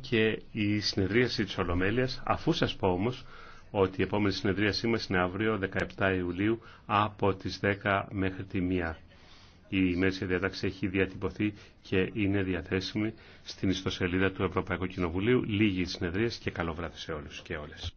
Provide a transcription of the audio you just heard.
και η συνεδρίαση της Ολομέλειας, αφού σας πω όμως ότι η επόμενη συνεδρίασή μας είναι αύριο 17 Ιουλίου από τις 10 μέχρι τη 1. Η ημέρησια διάταξη έχει διατυπωθεί και είναι διαθέσιμη στην ιστοσελίδα του Ευρωπαϊκού Κοινοβουλίου. Λίγη συνεδρία και καλό βράδυ σε όλους και όλες.